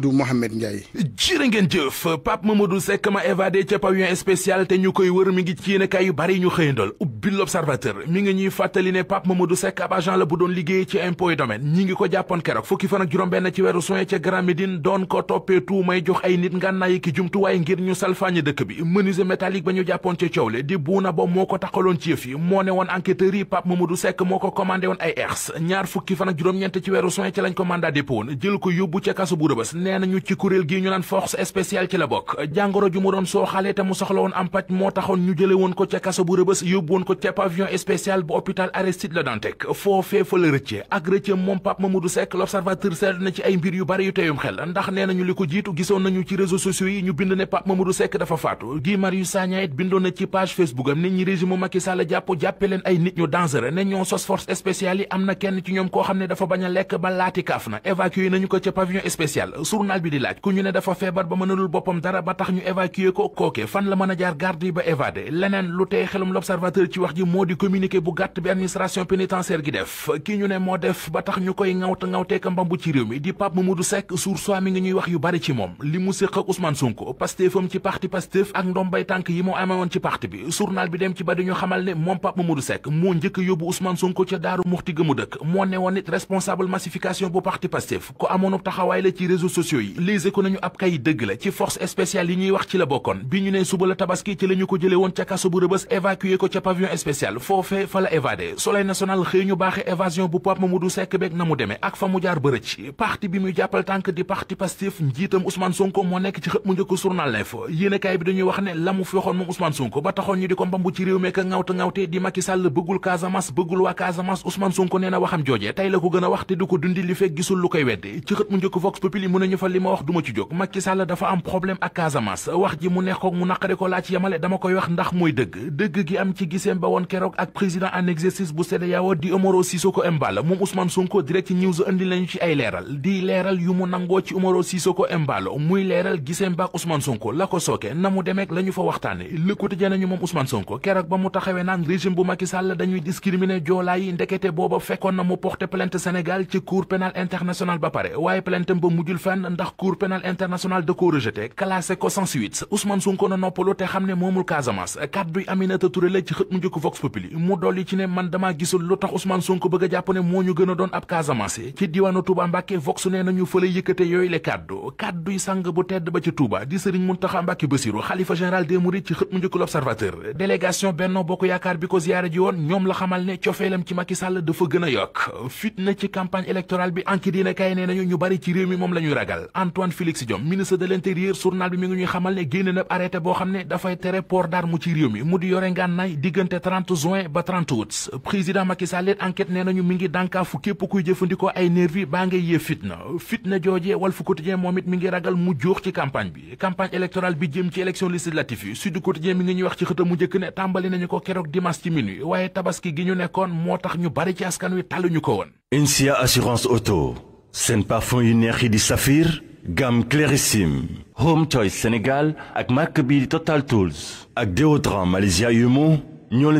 Mamadou Mohamed Ndiaye jërë ngeen jëf Pape Mamadou Seck ma évadé ca pavillon spécial te ñu koy wër mi ngi ci yéenekaay yu bari ñu xëyandool bi l'observateur mi ngi ñuy fàttali ne Pape Mamadou Seck ab agent la bu doon liggéey ci impôt domaine ñi ngi ko jàppoon keroog fukki fan ak juróom benn ci weeru soin ca Grand Médine ay nit ngànnaay ki jumtuwaay ngir ñu salfaañe dëkk bi menuisier métallique ba ñu jàppoon ca coow le di buuna ba moo ko taxaloon ci yëf yi moo ne woon enquêteurs yi Pape Mamadou Seck moo ko commandé woon ay ers ñaar fukki fan ak juróom-ñeent ci weeru soin ci lañ ko mandat dépôt woon jël ko yóbbu ca kaso bu Rebeuss nee nañu ci kuréel gi ñu naan force spéciale ci la bokk jàngoro ju mu doon soo xalee te ñu jële woon ko ca bu Rebeuss yóbbu ko ceeb avion spécial bu hôpital Aristide Le Dantec foofee fa la rëcce ak rëcce moom Pape Mamadou Seck l'observateur seetlu na ci ay mbir yu bari yu teyum xel ndax nee nañu li ko jiitu gisoon nañu ci réseaux sociaux yi ñu bind ne Pape Mamadou Seck dafa faatu Guy Marius Sagna bindoon na ci page Facebook nit ñi régime Macky Sall jàpp jàppe leen ay nit ñu dangereux ne ñoo sos force spéciale yi am na kenn ci ñoom koo xam ne dafa bañ a lekk ba laati ci wax ji moo di communiqué bu gàtt bi administration pénitentiaire gi def ki ñu ne moo def ba tax ñu koy ŋawta ŋawteeka mbambu ci réew mi di Pape Mamadou Seck sur soi mi ngi ñuy wax yu bari ci moom li mu séq ak Ousmane Sonko Pastefam ci parti Pastef ak ndombay tànk yi moo amewoon ci parti bi journal bi dem ci ba dañu xamal ne moom Pape Mamadou Seck moo njëkk yóbbu Ousmane Sonko ca Daaru Muxti gëmu dëkk moo ne woon nit responsable massification opération spéciale fa la évadé soleil national xëy ñu baaxe évasion bu Pape Mamadou Seck beeg na mu demee ak fa mu jaar bërëcc bi muy jàppal tànk di parti Pastef njiitam Ousmane Sonko moo nekk ci xët mu njëkk journal L'Info yéenekaay bi dañuy wax ne la mu fi waxoon moom Ousmane ba taxoon ñu di ko mbambu ci réew mi ka ngawte di Macky Sall bëggul Casamance bëggul waa Casamance Ousmane Sonko nee na waxam joojee tey la ko gën a wax te du ko dundi ba woon keroog ak président en exercice bu CEDEAO di Umaro Sissoko Embalo moom Ousmane Sonko direct news andi lañu ci ay leeral di leeral yu mu nangoo ci Umaro Sissoko Embalo muy leeral gisee mbaak Ousmane Sonko la ko sooke na mu demeek la ñu fa waxtaane Le Quotidien nañu moom Ousmane Sonko keroog ba mu taxawee naan régime bu Macky Sall dañuy discriminer joolaa yi ndekete booba fekkoon na mu porter plainte Sénégal ci cour pénal international ko Vox Populi mu dolli ci ne man damaa gisul lu tax Ousmane Sonko bëgg a jàpp ne moo ñu gën a doon ab Casamance ci diwaanu Touba Mbàkke Vox nee nañu fële yëkkate yooyu le kàddu kàdduy sàng bu tedd ba ci Touba di Sëriñ Muntaxa Mbàkke Basiru xalifa général des ci xët mu njëkk l'Observateur délégation Benno Bokk Yaakaar bi ko ziyaare ji woon ñoom la xamal ne cofeelam ci Macky Sall dafa gën a yokk fitna ci campagne électorale bi enquête dina kay nee nañu ñu 30 juin ba 30 août président Macky Sall it enquête nee nañu mi ngi dànkaafu képp kuy jëfandikoo ay nervi baa ngay yee fitna fitna joojee Walf Quotidien moom it mi ngi ragal mu jóox ci campagne bi campagne électorale bi jëm ci élection législative yi Sud Quotidien mi ngi ñuy wax ci xëtam mu njëkk ne tàmbali nañu ko keroog dimanche ci minuit waaye tabaski gi ñu nekkoon moo tax ñu bari ci askan wi tàlluñu ko woon INSIA assurance auto seen parfum yu neex yi di Saphir gamme Clarissime Home Choice Sénégal ak marque bi di Total Tools ak déodorant Malaysia Yumo ñoo leen